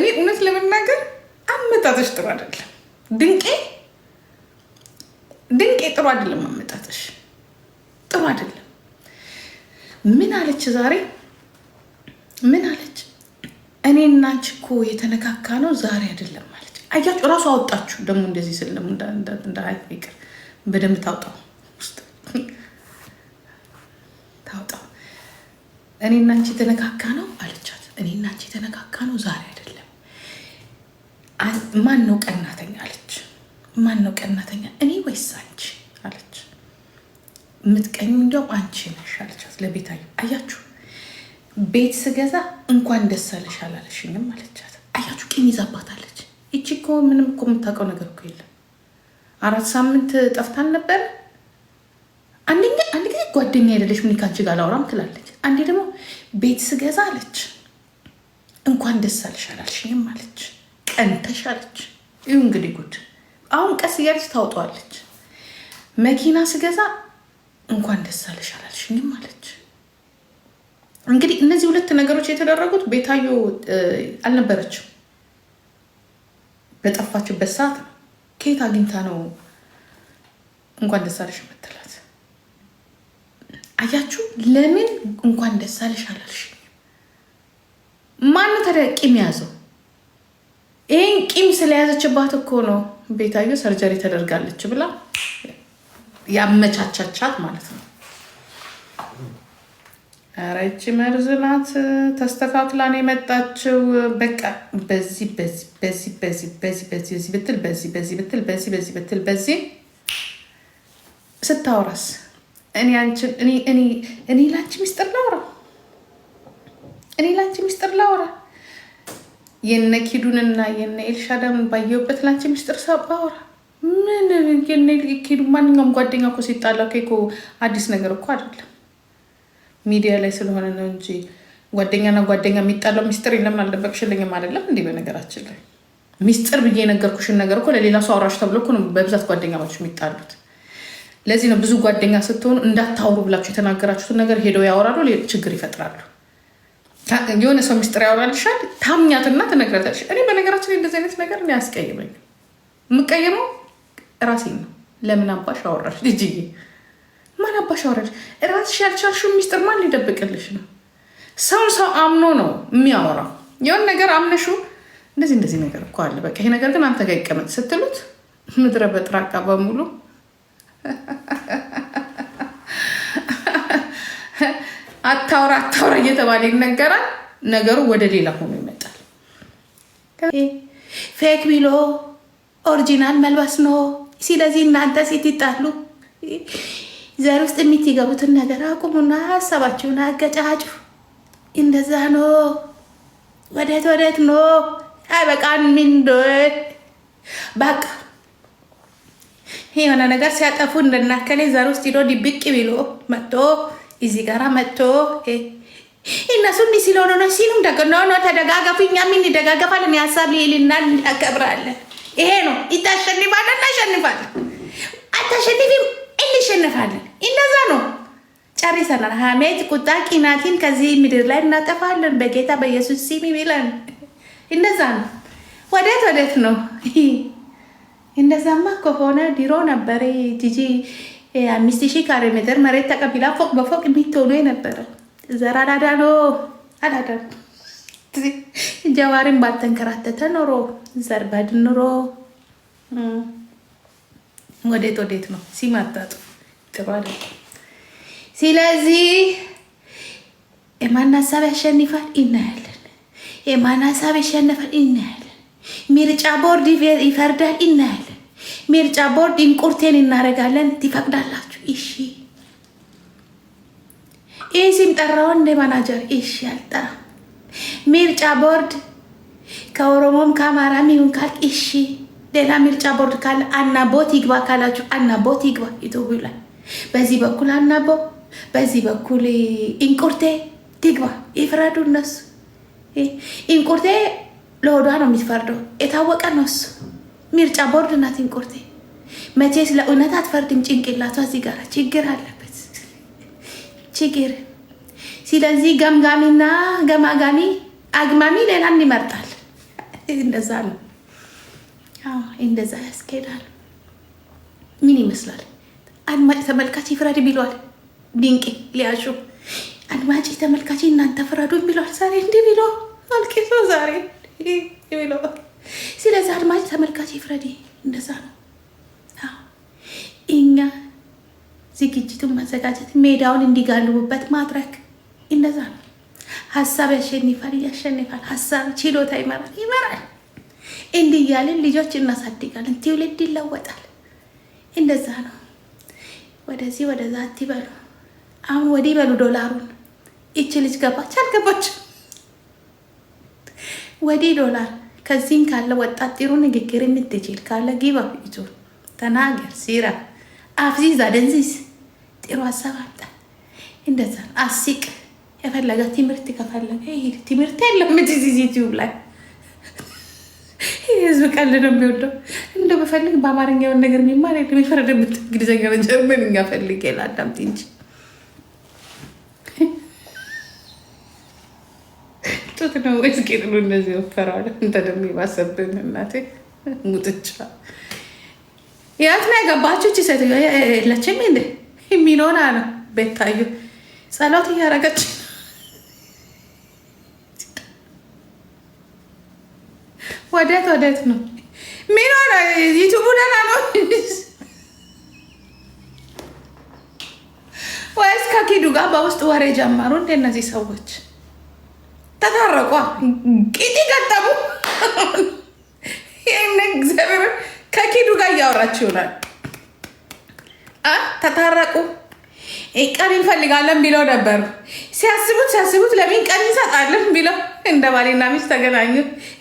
እኔ እውነት ለመናገር አመጣጠሽ ጥሩ አይደለም። ድንቄ ድንቄ ጥሩ አይደለም። አመጣጠሽ ጥሩ አይደለም። ምን አለች ዛሬ? ምን አለች? እኔ እና እኮ የተነካካ ነው ዛሬ አይደለም አለች። አያችሁ፣ እራሱ አወጣችሁ። ደግሞ እንደዚህ ስል ደግሞ እንደ ይቅር በደንብ ታውጣው ውስጥ ታውጣው። እኔ እናንቺ የተነካካ ነው አለቻት። እኔ እናንቺ የተነካካ ነው ዛሬ አይደለም ማን ነው ቀናተኛ አለች። ማን ነው ቀናተኛ እኔ ወይስ አንቺ አለች። የምትቀኙ እንዲያውም አንቺ ነሽ አለቻት ለቤታዬ። አያችሁ ቤት ስገዛ እንኳን ደስ አለሽ አላለሽኝም አለቻት። አያችሁ ቂም ይዛባታለች። ይቺ እኮ ምንም እኮ የምታውቀው ነገር እኮ የለም። አራት ሳምንት ጠፍታን ነበረ። አንደኛ አንድ ጊዜ ጓደኛ አይደለሽ ምን ካንቺ ጋር ላውራም ትላለች። አንዴ ደግሞ ቤት ስገዛ አለች እንኳን ደስ አለሽ አላልሽኝም አለች። ጸንተሽ አለች። ይሁ እንግዲህ ጉድ። አሁን ቀስ እያለች ታውጠዋለች። መኪና ስገዛ እንኳን ደስ አለሽ አላልሽኝም አለች። እንግዲህ እነዚህ ሁለት ነገሮች የተደረጉት ቤታዮ አልነበረችም። በጠፋችበት ሰዓት ነው። ከየት አግኝታ ነው እንኳን ደስ አለሽ የምትላት? አያችሁ፣ ለምን እንኳን ደስ አለሽ አላልሽኝም? ማነው ታዲያ ቂም የያዘው? ይህን ቂም ስለያዘችባት እኮ ነው ቤታዮ ሰርጀሪ ተደርጋለች ብላ ያመቻቻቻት ማለት ነው። ኧረ ይቺ መርዝ ናት። ተስተካክላ የመጣችው። በቃ በዚህ በዚህ በዚህ በዚህ በዚህ በዚህ ብትል በዚህ በዚህ ብትል በዚህ በዚህ ብትል በዚህ ስታወራስ እኔ ላንቺ ሚስጥር ላውራ እኔ ላንቺ ሚስጥር ላውራ የነ ኪዱንና የነ ኤልሻዳን ባየውበት ላንቺ ምስጢር ሳባወራ ምን ኪዱ ማንኛውም ጓደኛ እኮ ሲጣላ እኮ አዲስ ነገር እኮ አይደለም። ሚዲያ ላይ ስለሆነ ነው እንጂ ጓደኛና ጓደኛ የሚጣላው ሚስጥር የለምን አልደበቅሽልኝም አይደለም እንዲህ። በነገራችን ላይ ሚስጥር ብዬ የነገርኩሽን ነገር እኮ ለሌላ ሰው አውራሽ ተብሎ እኮ ነው በብዛት ጓደኛ የሚጣሉት። ለዚህ ነው ብዙ ጓደኛ ስትሆኑ እንዳታውሩ ብላችሁ የተናገራችሁትን ነገር ሄደው ያወራሉ፣ ችግር ይፈጥራሉ። የሆነ ሰው ሚስጥር ያወራልሻል፣ ታምኛትና ትነግረታለሽ። እኔ በነገራችን እንደዚህ አይነት ነገር እኔ አያስቀይመኝ፣ የምቀየመው ነው። ለምን አባሽ አወራሽ ልጅዬ? ማን አባሽ አወራሽ? ራስሽ ያልቻልሽውን ሚስጥር ማን ሊደብቅልሽ ነው? ሰውን ሰው አምኖ ነው የሚያወራው። የሆን ነገር አምነሹ እንደዚህ እንደዚህ ነገር እኮ አለ፣ በቃ ይሄ ነገር ግን አንተ ጋር ይቀመጥ ስትሉት ምድረ በጥራቃ በሙሉ አታውራ አታውራ እየተባለ ይነገራል። ነገሩ ወደ ሌላ ሆኖ ይመጣል። ፌክ ቢሎ ኦሪጂናል መልበስ ነው። ስለዚህ እናንተ ስትጣሉ ዘር ውስጥ የምትገቡትን ነገር አቁሙና ሀሳባችሁን አገጫጩ። እንደዛ ነው። ወደት ወደት ነው? አይበቃን ምንድ በቃ የሆነ ነገር ሲያጠፉ እንደናከሌ ዘር ውስጥ ሂዶ ድብቅ ቢሎ መጥቶ እዚህ ጋራ መጥቶ እነሱ እንዲህ ስለሆነ ነው ሲሉም ኖ ተደጋገፉ፣ እኛም እንደጋገፋለን። የሀሳብ ልዕልና እናከብራለን። ይሄ ነው ይታሸንፋለን፣ እናሸንፋለን። አታሸንፊም፣ እንሸንፋለን። እነዛ ነው። ጨርሰናል። ሀሜት ቁጣ፣ ቂናቲን ከዚህ ምድር ላይ እናጠፋለን በጌታ በኢየሱስ ስም ይላል። እንደዛ ነው። ወዴት ወዴት ነው? እንደዛማ ከሆነ ድሮ ነበረ ጂጂ አምስት ሺህ ካሬ ሜትር መሬት ተቀብላ ፎቅ በፎቅ የሚትሆኑ የነበረው ዘር አዳዳኖ አዳዳ ጀዋሪን ባልተንከራተተ ኖሮ ዘር ባድን ኖሮ ወዴት ወዴት ነው ሲማጣጡ ጥሩ ስለዚህ የማን ሀሳብ ያሸንፋል እናያለን። የማን ሀሳብ ያሸንፋል እናያለን። ምርጫ ቦርድ ይፈርዳል እናያለን። ምርጫ ቦርድ እንቁርቴን እናደርጋለን ትፈቅዳላችሁ? እሺ። ኢሲም ጠራው እንደ ማናጀር። እሺ አልጠራ ምርጫ ቦርድ ከኦሮሞም ከአማራም ይሁን ካል እሺ። ሌላ ምርጫ ቦርድ ካለ አናቦት ይግባ ካላችሁ አናቦት ይግባ ኢትዮጵያ ላይ በዚህ በኩል አናቦ በዚህ በኩል እንቁርቴ ትግባ። ይፍረዱ እነሱ። እንቁርቴ ለሆዷ ነው የሚፈርደው። የታወቀ ነው እሱ። ምርጫ ቦርድ ናትን መቼ መቼስ ለእውነት አትፈርድም። ጭንቅላቷ እዚህ ጋር ችግር አለበት ችግር። ስለዚህ ገምጋሚና ገማጋሚ አግማሚ ሌላን ይመርጣል። እንደዛ ነው፣ እንደዛ ያስኬዳል። ምን ይመስላል? አድማጭ ተመልካች ይፍረድ ቢሏል። ድንቅ ሊያሹ አድማጭ ተመልካች እናንተ ፍረዱ ቢሏል ዛሬ እንዲህ ብሎ አልቅሶ ዛሬ ብሎ ስለዚህ አድማጭ ተመልካች ይፍረዴ እንደዛ ነው። እኛ ዝግጅቱን ማዘጋጀት፣ ሜዳውን እንዲጋልቡበት ማድረግ፣ እንደዛ ነው። ሀሳብ ያሸንፋል፣ ያሸንፋል። ሀሳብ ችሎታ ይመራል፣ ይመራል። እንዲህ እያልን ልጆች እናሳድጋለን፣ ትውልድ ይለወጣል። እንደዛ ነው። ወደዚህ ወደዛ አትበሉ። አሁን ወዲህ በሉ ዶላሩን። ይቺ ልጅ ገባች አልገባች? ወዲህ ዶላር ከዚህም ካለ ወጣት ጥሩ ንግግር የምትችል ካለ ጊባ ፊቱ ተናገር፣ ሲራ፣ አፍዚዝ፣ አደንዚዝ፣ ጥሩ ሀሳብ አምጣ። እንደዛ አሲቅ። የፈለገ ትምህርት ከፈለገ ይሄ ትምህርት የለም ዩቲዩብ ላይ ህዝብ ቀልድ ነው የሚወደው። እንደ በፈልግ በአማርኛውን ነገር የሚማር የለም። የፈረደበት እንግሊዝኛ ጀርመንኛ ፈልግ ላዳምጥ እንጂ ጡት ነው ወይስ ጌጥ ነው? እንደዚህ ወፈራል? እንተ ደግሞ የባሰብን እናቴ ሙጥቻ ያት ነው ያገባችሁ እቺ ሴትዮ የለችም እንዴ? የሚኖና ነው ቤታዩ ጸሎት እያረገች ወዴት ወዴት ነው ሚኖነ ዩቱቡ ደህና ነው ወይስ ከኪዱ ጋር በውስጥ ወሬ ጀመሩ እንደ እነዚህ ሰዎች ተታረቋ ቂጢ ገጠሙ። ይህን እግዚአብሔር ከኪዱ ጋር እያወራችሁ ይሆናል። ተታረቁ። ቀን እንፈልጋለን ቢለው ነበር ሲያስቡት ሲያስቡት ለምን ቀን ይሰጣለን ቢለው እንደ ባሌና ሚስት ተገናኙ።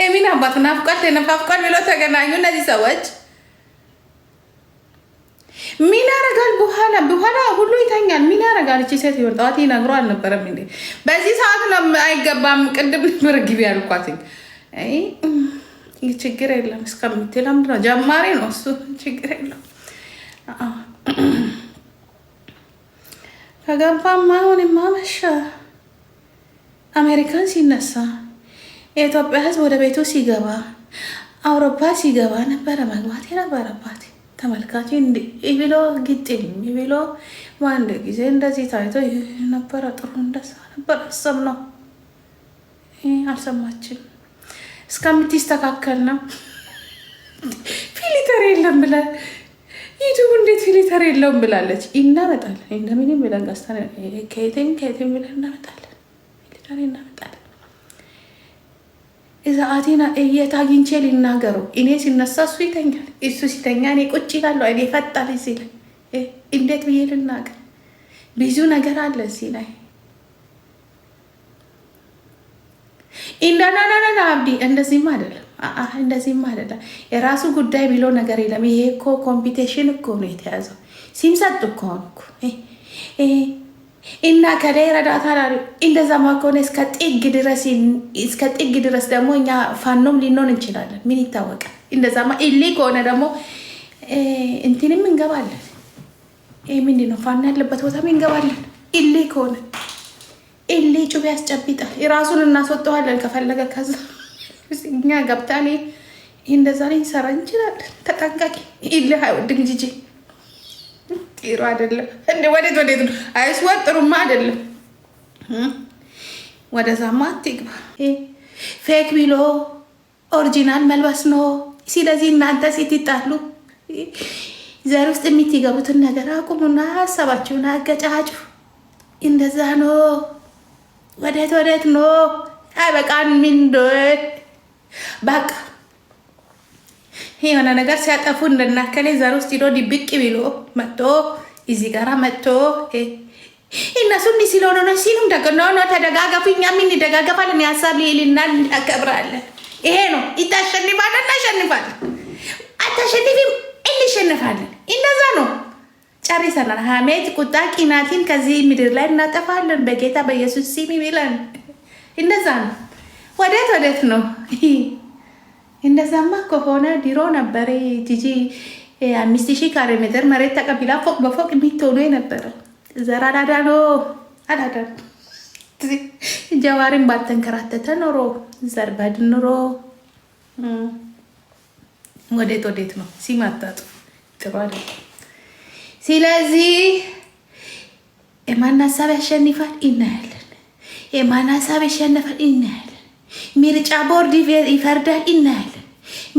የሚን አባት ናፍቋል፣ ተነፋፍቋል ቢለው ተገናኙ እነዚህ ሰዎች ምን ያረጋል? በኋላ በኋላ ሁሉ ይተኛል። ምን ያረጋል? እቺ ሴት ይወር ጠዋት ይነግሮ አልነበረም እንዴ? በዚህ ሰዓት ነው አይገባም። ቅድም ነበር ግቢ ያልኳት። አይ ችግር የለም እስከምትል ነው። ጀማሪ ነው እሱ ችግር የለም። ከገባም አሁን ማመሻ አሜሪካን ሲነሳ የኢትዮጵያ ሕዝብ ወደ ቤቱ ሲገባ አውሮፓ ሲገባ ነበረ መግባት የነበረባት ተመልካች ብሎ ግጥም ብሎ በአንድ ጊዜ እንደዚህ ታይቶ ነበረ። ጥሩ እንደሳ ነበር አሰብ ነው አልሰማችም። እስከምትስተካከል ነው ፊሊተር የለም ብለ ዩቱብ እንዴት ፊሊተር የለውም ብላለች። እናመጣለን እንደምንም ብለን ገዝተን ከየትም ከየትም ብለን እናመጣለን ፊሊተር እናመጣለን። ሰዓቴን የት አግኝቼ ሊናገሩ? እኔ ሲነሳ እሱ ይተኛል፣ እሱ ሲተኛ እኔ ቁጭ ይላሉ። እኔ ፈጣል እዚህ ላይ እንዴት ብዬ ልናገር? ብዙ ነገር አለ እዚህ ላይ ኢንዳናናና አብዲ እንደዚህም አይደለም፣ እንደዚህም አይደለም። የራሱ ጉዳይ ብሎ ነገር የለም። ይሄ እኮ ኮምፒቴሽን እኮ ነው የተያዘው። ሲምሰጥ እኮ ሆንኩ እና ከላይ ረዳታል አሉ። እንደዛ ማከሆነ እስከ ጥግ ድረስ ደግሞ እኛ ፋኖም ሊኖን እንችላለን። ምን ይታወቃል? እንደዛማ ኢሊ ከሆነ ደግሞ እንትንም እንገባለን። ይህ ምንድን ነው? ፋኖ ያለበት ቦታም እንገባለን። ኢሊ ከሆነ ኢሊ ጩብ ያስጨብጣል። ራሱን እናስወጠዋለን። ከፈለገ ከዛ እኛ ገብታኔ እንደዛ ላይ ይሰራ እንችላለን። ተጠንቃቂ ኢሊ አይወድም ጂጂ ጥሩ አይደለም እንዴ? ወዴት ወዴት ነው? ጥሩማ አይደለም። ወደዛማ አትግባ። ፌክ ቢሎ ኦሪጂናል መልበስ ነው። ስለዚህ እናንተ ስትጣሉ ዘር ውስጥ የምትገቡትን ነገር አቁሙና ሀሳባችሁን አገጫጩ። እንደዛ ነው። ወዴት ወዴት ነው? አይበቃን ምንድን በቃ የሆነ ነገር ሲያጠፉ እንደናከሌ ዘር ውስጥ ሂዶ ድብቅ ብሎ መጥቶ እዚህ ጋራ መጥቶ እነሱ እንዲህ ስለሆነ ነው ሲሉም ደገነሆነ ተደጋገፉ፣ እኛም እንደጋገፋለን። የሀሳብ ልዕልና እናከብራለን። ይሄ ነው ይታሸንፋለን፣ እናሸንፋለን። አታሸንፊም፣ እንሸንፋለን። እንደዛ ነው። ጨርሰናል። ሐሜት፣ ቁጣ፣ ቂናቲን ከዚህ ምድር ላይ እናጠፋለን በጌታ በኢየሱስ ስም ይብለን። እንደዛ ነው። ወደት ወዴት ነው እንደዛማ ከሆነ ድሮ ነበረ ጂጂ አምስት ሺህ ካሬ ሜትር መሬት ተቀቢላ ፎቅ በፎቅ የሚትሆኑ የነበረ ዘር አዳዳኖ አዳዳ ጀዋሪን ባልተንከራተተ ኖሮ ዘር ባድ ኖሮ ወዴት ወዴት ነው ሲማታጡ ጥሩ አለ። ስለዚህ የማን ሀሳብ ያሸንፋል እናያለን። የማን ሀሳብ ያሸንፋል እናያለን። ምርጫ ቦርድ ይፈርዳል፣ እናያለን።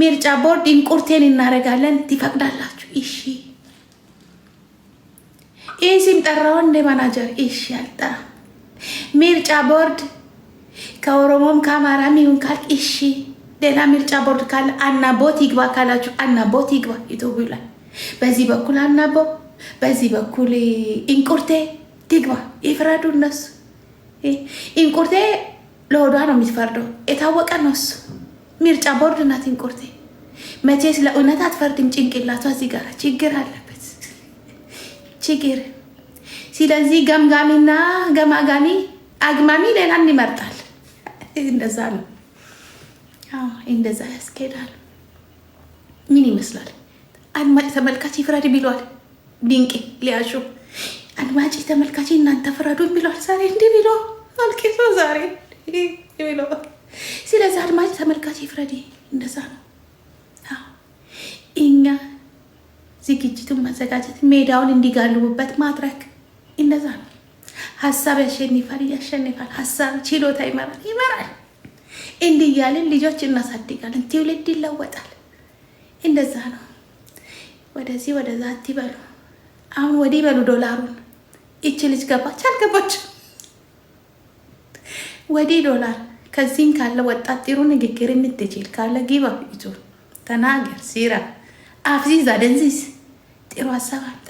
ምርጫ ቦርድ እንቁርቴን እናደርጋለን። ትፈቅዳላችሁ? እሺ። ይህ ጠራው እንደ ማናጀር። እሺ፣ አልጠራ ምርጫ ቦርድ ከኦሮሞም ከአማራም ይሁን ካል እሺ። ሌላ ምርጫ ቦርድ ካለ አናቦት ይግባ ካላችሁ አናቦት ይግባ። ኢትዮጵያ ይላል። በዚህ በኩል አናቦ፣ በዚህ በኩል እንቁርቴ ትግባ። ይፍረዱ እነሱ እንቁርቴ ለሆዷ ነው የምትፈርደው። የታወቀ ነው እሱ። ምርጫ ቦርድ ናትን ቁርቴ መቼስ ለእውነት አትፈርድም። ጭንቅላቷ እዚህ ጋር ችግር አለበት ችግር። ስለዚህ ገምጋሚና ገማጋሚ አግማሚ ሌላን ይመርጣል። እንደዛ ነው፣ እንደዛ ያስኬዳል። ምን ይመስላል? አድማጭ ተመልካች ይፍረድ ቢሏል ድንቅ ሊያሹ አድማጭ ተመልካች እናንተ ፍረዱን ቢሏል ዛሬ እንዲህ ብሎ አልቅሶ ዛሬ ስለዚህ አድማጭ ተመልካች ፍረዴ እንደዛ ነው። እኛ ዝግጅቱን መዘጋጀት ሜዳውን እንዲጋልቡበት ማድረግ እንደዛ ነው። ሀሳብ ያሸንፋል፣ ያሸንፋል። ሀሳብ ችሎታ ይመራል፣ ይመራል። እንዲህ እያልን ልጆች እናሳድጋለን፣ ትውልድ ይለወጣል። እንደዛ ነው። ወደዚህ ወደዛ አትበሉ። አሁን ወዲህ በሉ ዶላሩን። ይቺ ልጅ ገባች አልገባች ወዲህ ዶላር ከዚህም ካለ ወጣት ጥሩ ንግግር የምትችል ካለ ጊባ ፊቱ ተናገር፣ ሲራ አፍዚዝ፣ አደንዚዝ፣ ጥሩ ሀሳብ አምጣ።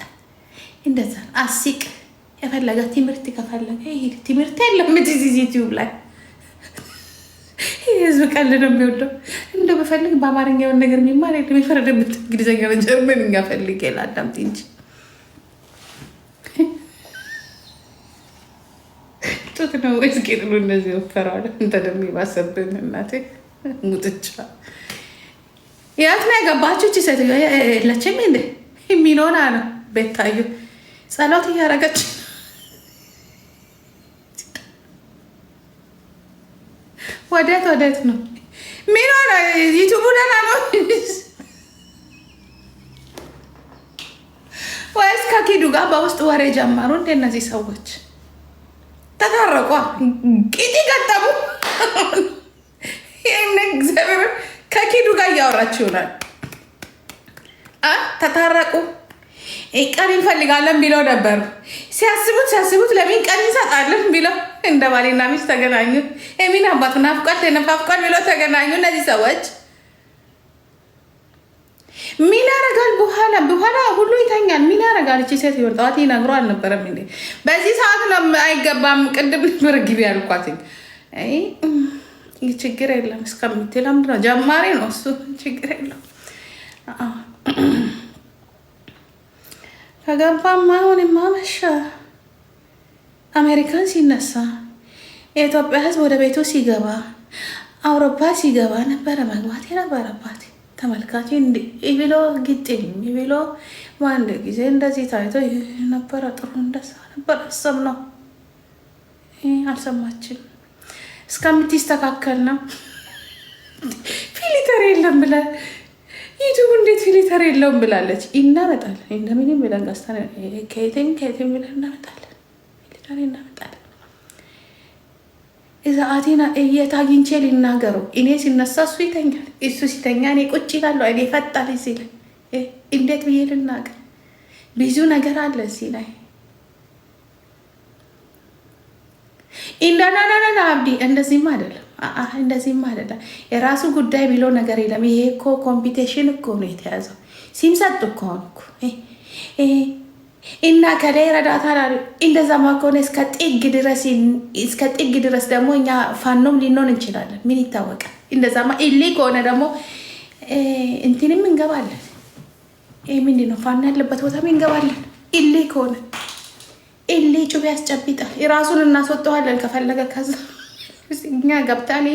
እንደዛ አስቅ። የፈለገ ትምህርት ከፈለገ ይሄድ። ትምህርት የለም ዩቲዩብ ላይ ህዝብ ቀልድ ነው የሚወደው። እንደ በፈልግ በአማርኛውን ነገር የሚማር የለም። የፈረደበት እንግሊዝኛ ጀርመንኛ ፈልግ ላዳምጥ እንጂ ሸጦት ነው ወይስ ጌጥሉ እንደዚህ ወፈረዋል? እንተ ደግሞ የባሰብን እናቴ ሙጥቻ ያት ነው ያገባችሁ እቺ ሴትዮ የለችም እንዴ የሚለውን ነው ቤታዩ ጸሎት እያረገች ወደት ወደት ነው ሚኖረ ዩቱቡ ደህና ነው ወይስ ከኪዱ ጋር በውስጥ ወሬ ጀመሩ እንደ እነዚህ ሰዎች ተታረቋ ቂጤ ገጠሙ። ይህን እግዚአብሔር ከኪዱ ጋር እያወራችሁ ይሆናል። ተታረቁ። ቀን እንፈልጋለን ቢለው ነበር ሲያስቡት ሲያስቡት ለሚን ቀን እንሰጣለን ቢለው እንደ ባሌና ሚስት ተገናኙ። የሚን አባቱ ናፍቋል ናፍቋል ብለው ተገናኙ እነዚህ ሰዎች ምን ያረጋል? በኋላ በኋላ ሁሉ ይተኛል። ምን ያደርጋል እቺ ሴት ይወርጣት ይነግሮ አልነበረም እንዴ? በዚህ ሰዓት ነው አይገባም። ቅድም ነበር ግቢ ያልኳት። አይ ችግር የለም እስከምትል ምድረ ጀማሪ ነው እሱ። ችግር የለም ከገባም አሁን ማመሻ አሜሪካን ሲነሳ የኢትዮጵያ ሕዝብ ወደ ቤቱ ሲገባ አውሮፓ ሲገባ ነበረ መግባት የነበረባት ተመልካች ብሎ ግጥም ብሎ በአንድ ጊዜ እንደዚህ ታይቶ ነበረ። ጥሩ እንደዛ ነበር አሰብ ነው። አልሰማችም እስከምትስተካከል ነው። ፊሊተር የለም ብለ ዩቱብ እንዴት ፊሊተር የለውም ብላለች። እናመጣለን እንደምንም ብለን ገዝተን ከየትም ከየትም ብለን እናመጣለን። ፊሊተር እናመጣለን እዛ አቴና እየት አግኝቼ ልናገረው? እኔ ሲነሳ እሱ ይተኛል፣ እሱ ሲተኛ እኔ ቁጭ ይላለሁ። እኔ ፈጣል እዚህ ላይ እንዴት ብዬ ልናገር? ብዙ ነገር አለ እዚህ ላይ ኢንዳናናና አብዲ እንደዚህም አይደለም፣ እንደዚህም አይደለም። የራሱ ጉዳይ ብሎ ነገር የለም። ይሄ እኮ ኮምፒቴሽን እኮ ነው የተያዘው። ሲምሰጥ እኮ ሆንኩ እና ከላይ ረዳታል አሉ። እንደዛ ማከሆነ እስከ ጥግ ድረስ ደግሞ እኛ ፋኖም ሊኖን እንችላለን። ምን ይታወቃል? እንደዛማ ኢሊ ከሆነ ደግሞ እንትንም እንገባለን። ምንድን ነው ፋኖ ያለበት ቦታም እንገባለን። ኢሊ ከሆነ ኢሊ ጩቤ ያስጨብጣል። የራሱን እናስወጠዋለን ከፈለገ ከዛ እኛ ገብታኔ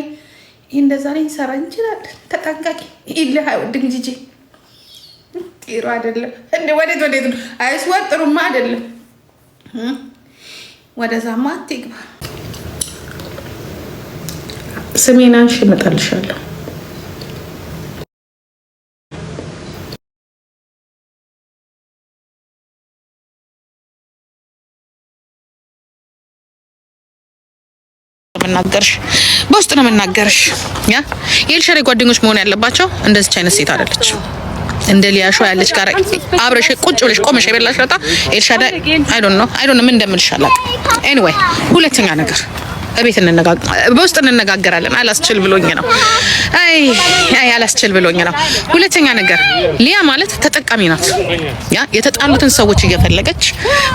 እንደዛ ላይ ይሰራ እንችላለን። ተጠንቃቂ ኢሊ አይወድም ጂጂ ጥሩ አይደለም። እንደ ወዴት ወዴት ነው? ጥሩማ አይደለም። ወደዛማ አትግባ። ስሜን አንሺ፣ እመጣልሻለሁ። የምናገርሽ በውስጥ ነው የምናገርሽ። ያ የኤልሻዳይ ጓደኞች መሆን ያለባቸው እንደዚች አይነት ሴት አይደለችም። እንደ ሊያሾ ያለች ጋር አብረሽ ቁጭ ብለሽ ቆመሽ የበላሽ ለታ ኤልሻዳ አይ ዶንት ኖ አይ ዶንት ምን እንደምልሽ ኤኒዌይ ሁለተኛ ነገር እቤት በውስጥ እንነጋገራለን። አላስችል ብሎኝ ነው። አይ አይ አላስችል ብሎኝ ነው። ሁለተኛ ነገር ሊያ ማለት ተጠቃሚ ናት። ያ የተጣሉትን ሰዎች እየፈለገች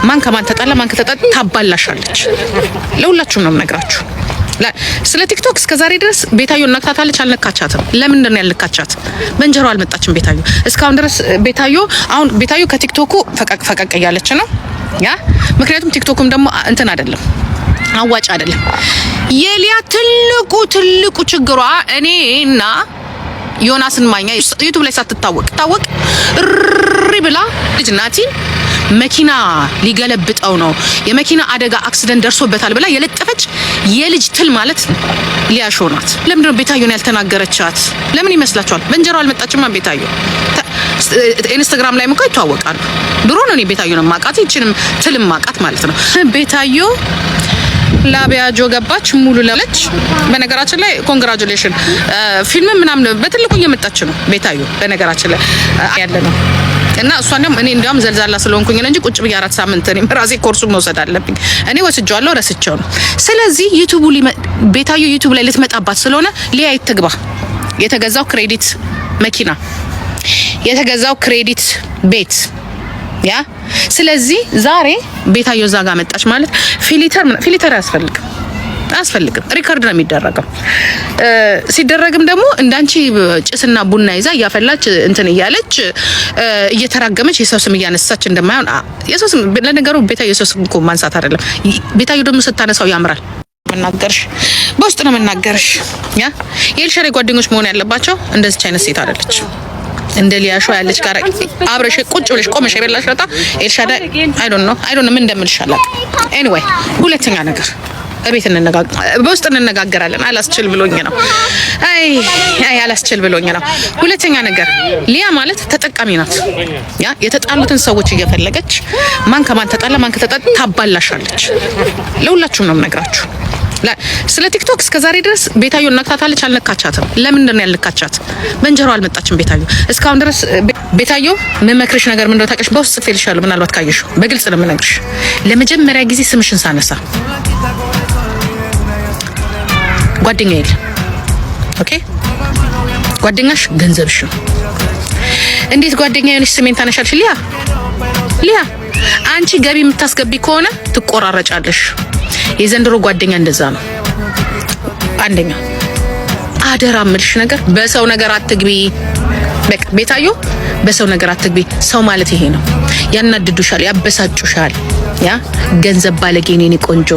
ማን ከማን ተጣላ፣ ማን ከተጣላ ታባላሻለች። ለሁላችሁም ነው የምነግራችሁ። ስለ ቲክቶክ እስከ ዛሬ ድረስ ቤታዮ ነክታታለች። አልነካቻትም። ለምንድን ነው ያልነካቻት? በእንጀሮ አልመጣችም ቤታዮ እስካሁን ድረስ ቤታዮ አሁን ቤታዮ ከቲክቶኩ ፈቀቅ ፈቀቅ እያለች ነው ያ ምክንያቱም ቲክቶኩም ደግሞ እንትን አይደለም አዋጭ አይደለም። የሊያ ትልቁ ትልቁ ችግሯ እኔ እና ዮናስን ማኛ ዩቱብ ላይ ሳትታወቅ ታወቅ ሪ ብላ ልጅ ናቲ መኪና ሊገለብጠው ነው የመኪና አደጋ አክሲደንት ደርሶበታል ብላ የለጠፈች የልጅ ትል ማለት ሊያሾ ናት። ለምንድነው ቤታዮን ያልተናገረቻት? ለምን ይመስላችኋል? በእንጀራው አልመጣችማ ቤታዮ። ኢንስታግራም ላይ እኮ ይተዋወቃሉ። ድሮ ነው እኔ ቤታዮን ማቃት ይችንም ትል ማቃት ማለት ነው። ቤታዮ ላቢያጆ ገባች ሙሉ ለለች። በነገራችን ላይ ኮንግራቹሌሽን ፊልም ምናምን በትልቁ እየመጣች ነው ቤታዮ። በነገራችን ላይ ያለ ነው እና እሷን እንዲያውም እኔ እንዲያውም ዘልዛላ ስለሆንኩኝ እንጂ ቁጭ ብዬ አራት ሳምንት እኔም ራሴ ኮርሱን መውሰድ አለብኝ። እኔ ወስጄዋለሁ፣ ረስቼው ነው። ስለዚህ ዩቱቡ ቤታዩ ዩቱብ ላይ ልትመጣባት ስለሆነ ሊያ ይትግባ። የተገዛው ክሬዲት መኪና፣ የተገዛው ክሬዲት ቤት ያ ስለዚህ ዛሬ ቤታዮ እዛ ጋር መጣች ማለት ፊሊተር ፊሊተር አያስፈልግም። አያስፈልግም። ሪከርድ ነው የሚደረገው። ሲደረግም ደግሞ እንዳንቺ ጭስና ቡና ይዛ እያፈላች እንትን እያለች እየተራገመች የሰው ስም እያነሳች እንደማይሆን የሰው ስም ለነገሩ ቤታ የሰው ስም እኮ ማንሳት አይደለም። ቤታዮ ደግሞ ስታነሳው ያምራል። መናገርሽ በውስጥ ነው መናገርሽ። ያ የኤልሻዳይ ጓደኞች መሆን ያለባቸው እንደዚች አይነት ሴት አይደለች። እንደ ሊያሾ ያለች ጋር አብረሽ ቁጭ ብለሽ ቆመሽ የበላሽ ለታ ኤልሻዳይ አይ ዶንት ኖ አይ ዶንት ኖ ምን እንደምልሽ አላውቅም። ኤኒዌይ ሁለተኛ ነገር እቤት በውስጥ እንነጋገራለን። አላስችል ብሎኝ ነው። አይ አይ አላስችል ብሎኝ ነው። ሁለተኛ ነገር ሊያ ማለት ተጠቃሚ ናት። ያ የተጣሉትን ሰዎች እየፈለገች ማን ከማን ተጣላ፣ ማን ከተጣላ ታባላሻለች። ለሁላችሁም ነው የምነግራችሁ። ስለ ቲክቶክ እስከዛሬ ድረስ ቤታዮ እናክታታለች አልነካቻትም። ለምንድን ነው ያልነካቻት? በእንጀሮ አልመጣችም ቤታዮ። እስካሁን ድረስ ቤታዮ የምመክርሽ ነገር ምንድነው ታውቂያለሽ? በውስጥ ጽፌልሻለሁ። ምናልባት ካየሽው፣ በግልጽ ነው የምነግርሽ። ለመጀመሪያ ጊዜ ስምሽን ሳነሳ ጓደኛ የለም። ኦኬ ጓደኛሽ ገንዘብሽ ነው። እንዴት ጓደኛ የሆነች ስሜን ታነሻልሽ? ሊያ ሊያ አንቺ ገቢ የምታስገቢ ከሆነ ትቆራረጫለሽ። የዘንድሮ ጓደኛ እንደዛ ነው። አንደኛ አደራ ምልሽ ነገር በሰው ነገር አትግቢ። በቃ ቤታዮ በሰው ነገር አትግቢ። ሰው ማለት ይሄ ነው። ያናድዱሻል፣ ያበሳጩሻል። ያ ገንዘብ ባለጌ ነው ቆንጆ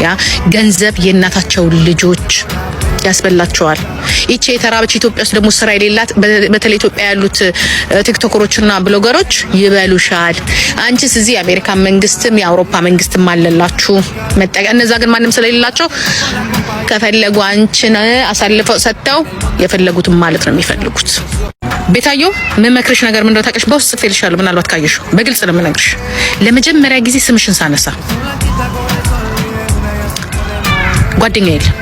ኢትዮጵያ ገንዘብ የእናታቸውን ልጆች ያስበላቸዋል። ይቺ የተራበች ኢትዮጵያ ውስጥ ደግሞ ስራ የሌላት በተለይ ኢትዮጵያ ያሉት ቲክቶከሮችና ብሎገሮች ይበሉሻል። አንቺስ እዚህ የአሜሪካ መንግስትም የአውሮፓ መንግስትም አለላችሁ መጠቀ እነዛ ግን ማንም ስለሌላቸው ከፈለጉ አንቺን አሳልፈው ሰጥተው የፈለጉትን ማለት ነው የሚፈልጉት። ቤታዮ ምመክርሽ ነገር ምንድነው ታውቂሽ? በውስጥ ጽፌልሻለሁ፣ ምናልባት ካየሽው። በግልጽ ነው የምነግርሽ። ለመጀመሪያ ጊዜ ስምሽን ሳነሳ ጓደኛ የለም።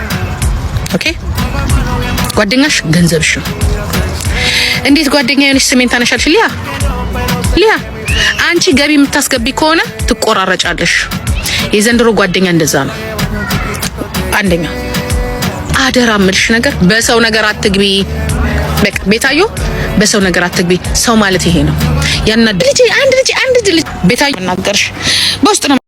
ኦኬ ጓደኛሽ ገንዘብሽ ነው። እንዴት ጓደኛ የሆነች ስሜን ታነሻልሽ? ሊያ ሊያ አንቺ ገቢ የምታስገቢ ከሆነ ትቆራረጫለሽ። የዘንድሮ ጓደኛ እንደዛ ነው። አንደኛ አደራ ምልሽ ነገር በሰው ነገር አትግቢ። በቃ ቤታዮ በሰው ነገር አትግቢ። ሰው ማለት ይሄ ነው። ያና ልጅ አንድ ልጅ አንድ ልጅ ቤታዮ ናገርሽ በውስጥ ነው